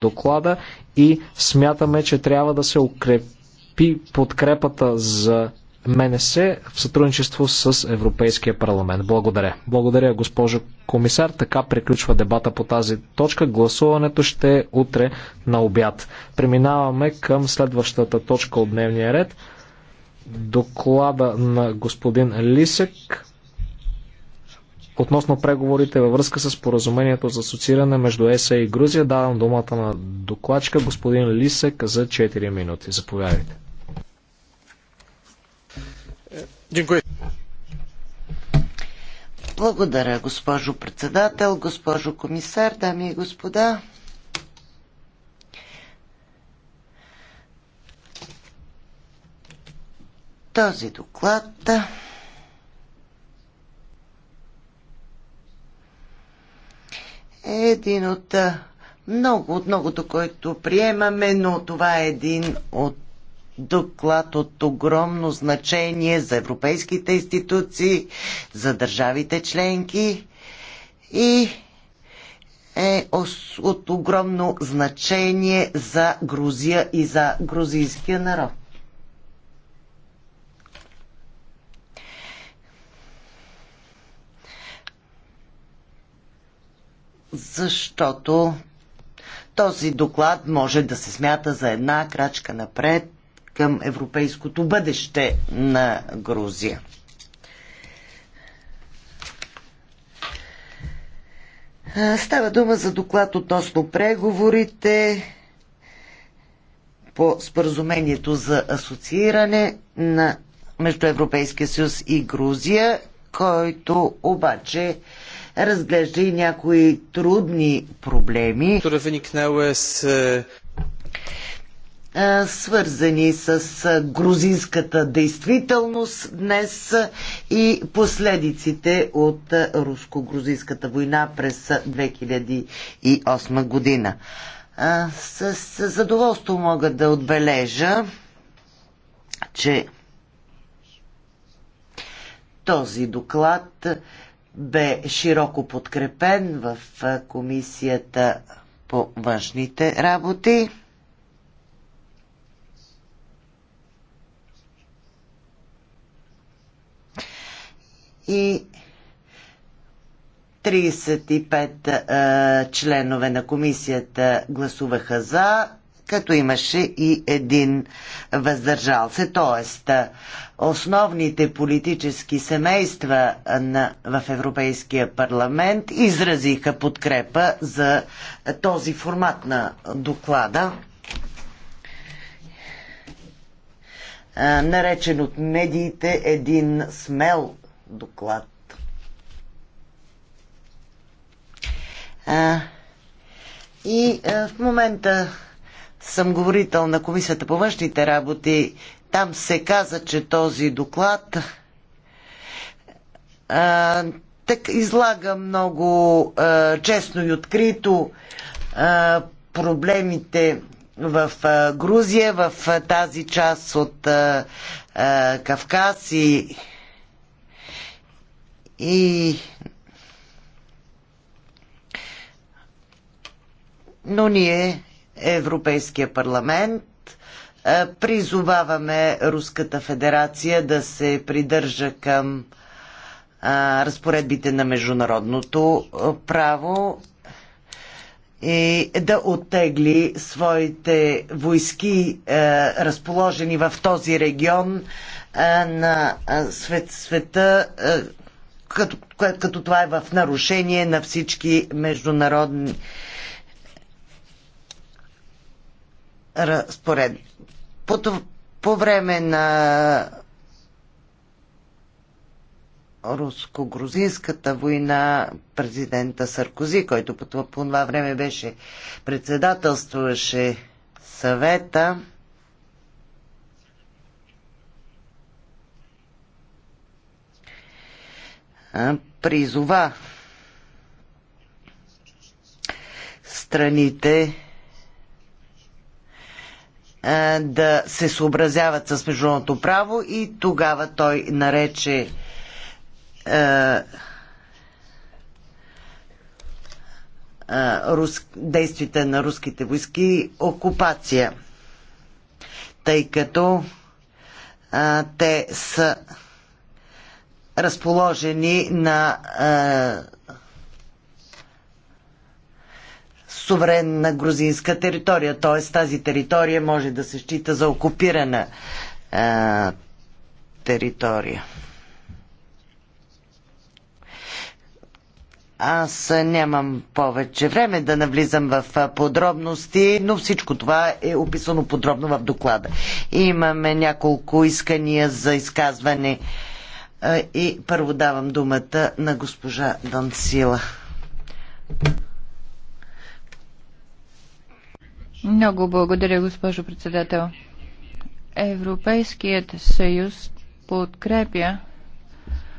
доклада и смятаме, че трябва да се укрепи подкрепата за МНС в сътрудничество с Европейския парламент. Благодаря. Благодаря, госпожо комисар. Така приключва дебата по тази точка. Гласуването ще е утре на обяд. Преминаваме към следващата точка от дневния ред. Доклада на господин Лисек относно преговорите във връзка с поразумението за асоцииране между ЕСА и Грузия. Давам думата на докладчика господин Лисек за 4 минути. Заповядайте. Благодаря, госпожо председател, госпожо комисар, дами и господа. Този доклад е един от много, от многото, който приемаме, но това е един от доклад от огромно значение за европейските институции, за държавите членки и е от огромно значение за Грузия и за грузийския народ. защото този доклад може да се смята за една крачка напред към европейското бъдеще на Грузия. Става дума за доклад относно преговорите по споразумението за асоцииране на между Европейския съюз и Грузия който обаче разглежда и някои трудни проблеми, свързани с грузинската действителност днес и последиците от руско-грузинската война през 2008 година. С задоволство мога да отбележа, че този доклад бе широко подкрепен в комисията по външните работи. И 35 членове на комисията гласуваха за, като имаше и един въздържал се. Тоест, основните политически семейства на, в Европейския парламент изразиха подкрепа за този формат на доклада, наречен от медиите един смел доклад. и в момента съм говорител на Комисията по външните работи. Там се каза, че този доклад а, так, излага много а, честно и открито а, проблемите в а, Грузия, в а, тази част от а, а, Кавказ и, и но ние Европейския парламент е, призоваваме Руската федерация да се придържа към е, разпоредбите на международното е, право и да оттегли своите войски, разположени в този регион на свет, света, като, като това е в нарушение на всички международни разпоред. По, по време на руско-грузинската война президента Саркози, който по това време беше председателстваше съвета, призова страните е, да се съобразяват с международното право и тогава той нарече е, е, действията на руските войски окупация, тъй като а, те са разположени на а, суверенна грузинска територия, т.е. тази територия може да се счита за окупирана а, територия. Аз нямам повече време да навлизам в подробности, но всичко това е описано подробно в доклада. Имаме няколко искания за изказване и първо давам думата на госпожа Дансила. Много благодаря, госпожо председател. Европейският съюз подкрепя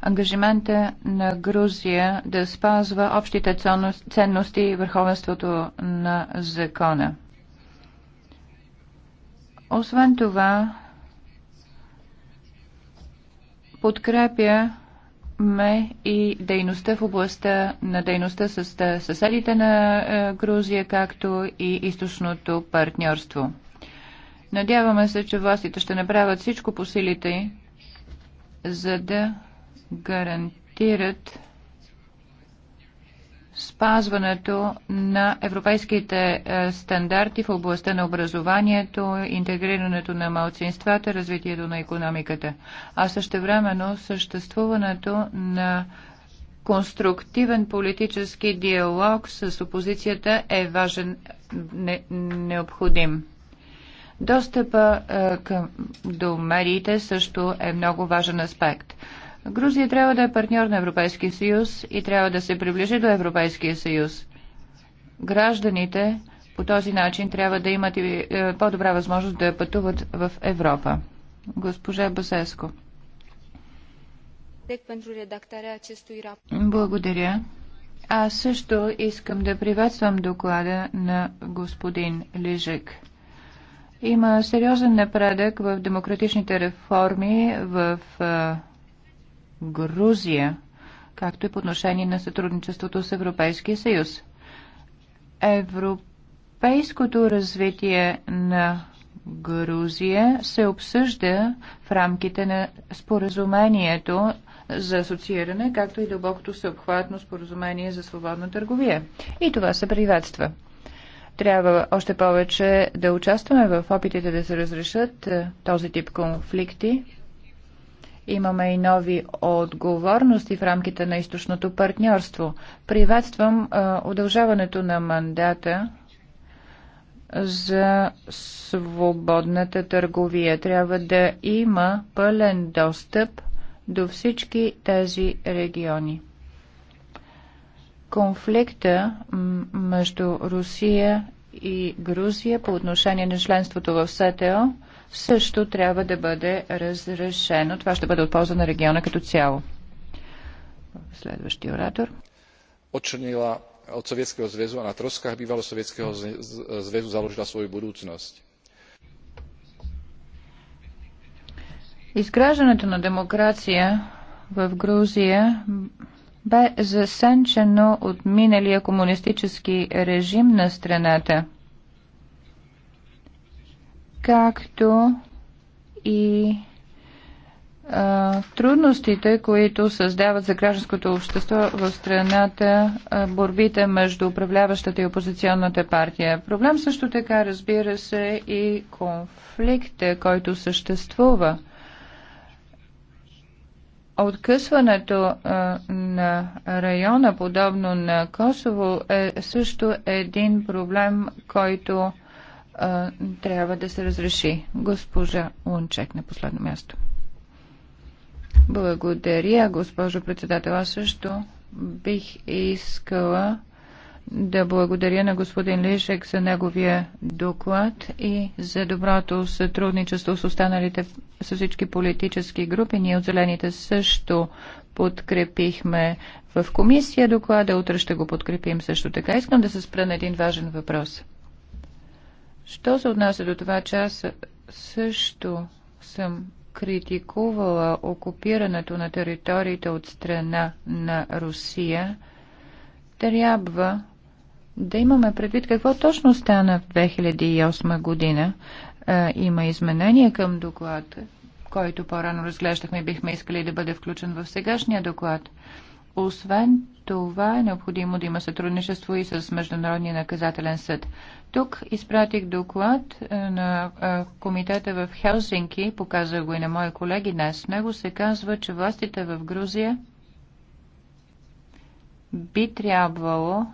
ангажимента на Грузия да спазва общите ценности и върховенството на закона. Освен това, подкрепя ме и дейността в областта на дейността с съседите на Грузия, както и източното партньорство. Надяваме се, че властите ще направят всичко по силите, за да гарантират спазването на европейските е, стандарти в областта на образованието, интегрирането на малцинствата, развитието на економиката, а същевременно съществуването на конструктивен политически диалог с опозицията е важен, не, необходим. Достъпа е, към, до медиите също е много важен аспект. Грузия трябва да е партньор на Европейския съюз и трябва да се приближи до Европейския съюз. Гражданите по този начин трябва да имат и е, по-добра възможност да пътуват в Европа. Госпожа Басеско. Благодаря. Аз също искам да приветствам доклада на господин Лижек. Има сериозен напредък в демократичните реформи в е, Грузия, както и по отношение на сътрудничеството с Европейския съюз. Европейското развитие на Грузия се обсъжда в рамките на споразумението за асоцииране, както и дълбокото съобхватно споразумение за свободна търговия. И това се приветства. Трябва още повече да участваме в опитите да се разрешат е, този тип конфликти Имаме и нови отговорности в рамките на източното партньорство. Приветствам а, удължаването на мандата за свободната търговия. Трябва да има пълен достъп до всички тези региони. Конфликта между Русия и Грузия по отношение на членството в СТО също трябва да бъде разрешено. Това ще бъде от полза на региона като цяло. Следващия оратор. Отчернила от Съветския zväzu а на troskách бивало Съветския zväzu заложила своя budúcnosť. Изграждането на демокрация в Грузия бе засенчено от миналия комунистически режим на страната, както и трудностите, които създават за гражданското общество в страната борбите между управляващата и опозиционната партия. Проблем също така, разбира се, и конфликта, който съществува. Откъсването на района, подобно на Косово, е също един проблем, който е, трябва да се разреши. Госпожа Лунчек на последно място. Благодаря, госпожо председател. Аз също бих искала да благодаря на господин Лишек за неговия доклад и за доброто сътрудничество с останалите, с всички политически групи. Ние от Зелените също подкрепихме в комисия доклада, утре ще го подкрепим също така. Искам да се спра на един важен въпрос. Що се отнася до това, че аз също съм критикувала окупирането на териториите от страна на Русия, трябва да имаме предвид какво точно стана в 2008 година. Е, има изменения към доклад, който по-рано разглеждахме и бихме искали да бъде включен в сегашния доклад. Освен това е необходимо да има сътрудничество и с Международния наказателен съд. Тук изпратих доклад е, на е, комитета в Хелсинки, показах го и на мои колеги днес. него се казва, че властите в Грузия би трябвало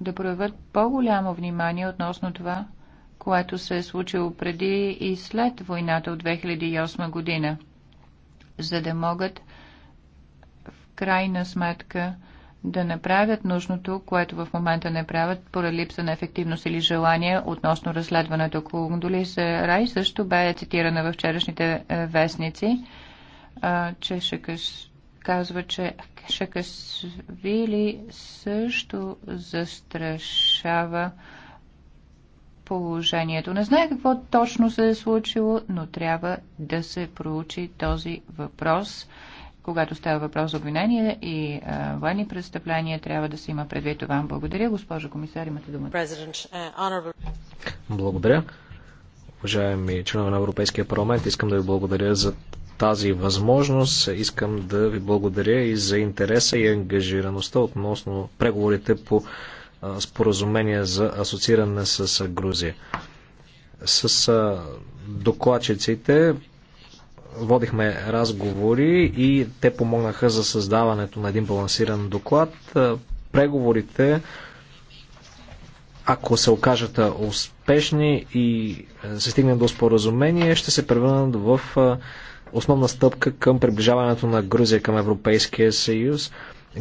да проявят по-голямо внимание относно това, което се е случило преди и след войната от 2008 година, за да могат в крайна сметка да направят нужното, което в момента не правят поради липса на ефективност или желание относно разследването. Кондолиса Рай също бе цитирана във вчерашните е, вестници, че ще казва, че Шакасвили също застрашава положението. Не знае какво точно се е случило, но трябва да се проучи този въпрос. Когато става въпрос за обвинение и а, военни престъпления, трябва да се има предвид това. Благодаря, госпожо комисар, имате думата. Uh, благодаря. Уважаеми членове на Европейския парламент, искам да ви благодаря за тази възможност. Искам да ви благодаря и за интереса и ангажираността относно преговорите по споразумение за асоцииране с Грузия. С докладчиците водихме разговори и те помогнаха за създаването на един балансиран доклад. Преговорите, ако се окажат успешни и се стигнат до споразумение, ще се превърнат в основна стъпка към приближаването на Грузия към Европейския съюз.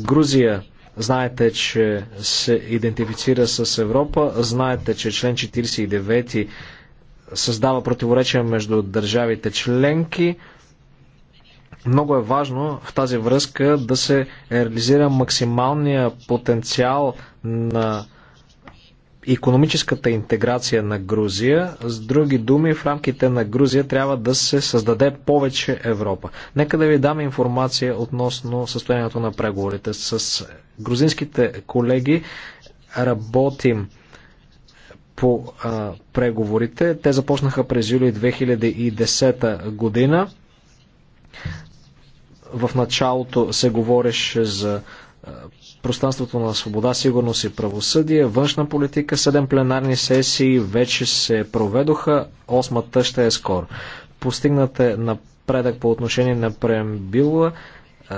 Грузия Знаете, че се идентифицира с Европа. Знаете, че член 49 създава противоречия между държавите членки. Много е важно в тази връзка да се реализира максималния потенциал на економическата интеграция на Грузия. С други думи, в рамките на Грузия трябва да се създаде повече Европа. Нека да ви дам информация относно състоянието на преговорите. С грузинските колеги работим по а, преговорите. Те започнаха през юли 2010 година. В началото се говореше за пространството на свобода, сигурност и правосъдие, външна политика, седем пленарни сесии вече се проведоха, осмата ще е скоро. Постигнате напредък по отношение на преамбила,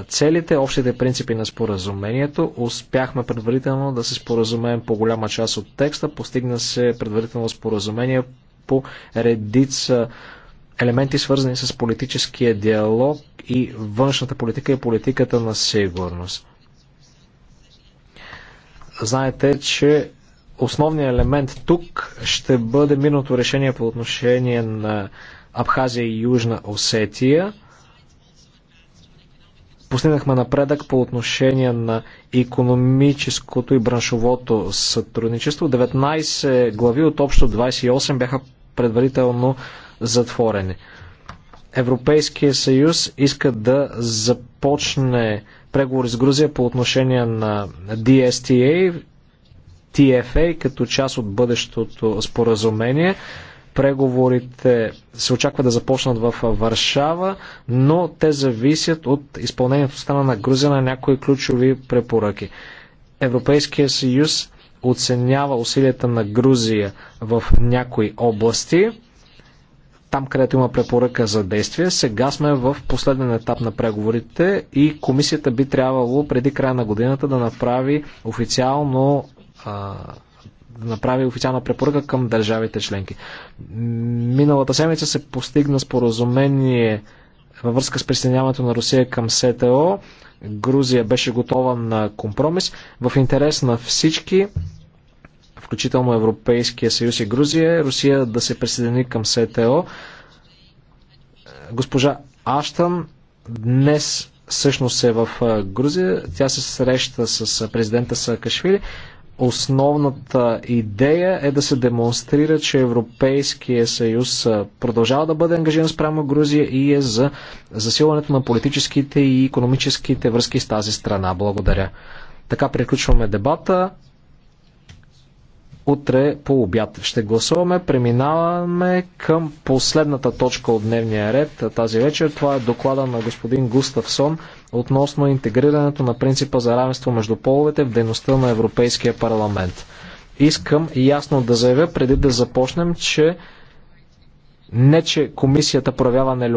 целите, общите принципи на споразумението. Успяхме предварително да се споразумеем по голяма част от текста. Постигна се предварително споразумение по редица елементи, свързани с политическия диалог и външната политика и политиката на сигурност. Знаете, че основният елемент тук ще бъде мирното решение по отношение на Абхазия и Южна Осетия. Постигнахме напредък по отношение на економическото и браншовото сътрудничество. 19 глави от общо 28 бяха предварително затворени. Европейския съюз иска да започне преговори с Грузия по отношение на DSTA, TFA като част от бъдещото споразумение. Преговорите се очаква да започнат в Варшава, но те зависят от изпълнението страна на Грузия на някои ключови препоръки. Европейския съюз оценява усилията на Грузия в някои области там, където има препоръка за действие. Сега сме в последен етап на преговорите и комисията би трябвало преди края на годината да направи официално а, да направи официална препоръка към държавите членки. Миналата седмица се постигна споразумение във връзка с присъединяването на Русия към СТО. Грузия беше готова на компромис. В интерес на всички включително Европейския съюз и Грузия, Русия да се присъедини към СТО. Госпожа Аштан днес всъщност е в Грузия. Тя се среща с президента Саакашвили. Основната идея е да се демонстрира, че Европейския съюз продължава да бъде ангажиран спрямо Грузия и е за засилването на политическите и економическите връзки с тази страна. Благодаря. Така приключваме дебата. Утре по обяд ще гласуваме. Преминаваме към последната точка от дневния ред тази вечер. Това е доклада на господин Густавсон относно интегрирането на принципа за равенство между половете в дейността на Европейския парламент. Искам ясно да заявя преди да започнем, че не че комисията проявява нелюбовност,